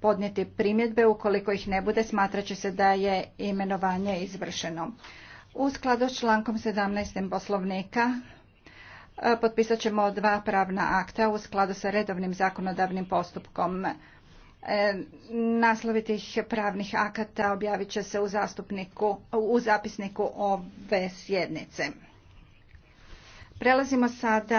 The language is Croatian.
podnijeti primjedbe. Ukoliko ih ne bude, smatrat će se da je imenovanje izvršeno. U skladu s člankom 17. poslovnika e, potpisat ćemo dva pravna akta u skladu sa redovnim zakonodavnim postupkom. E, naslovi tih pravnih akata objavit će se u, zastupniku, u zapisniku ove sjednice. Prelazimo sada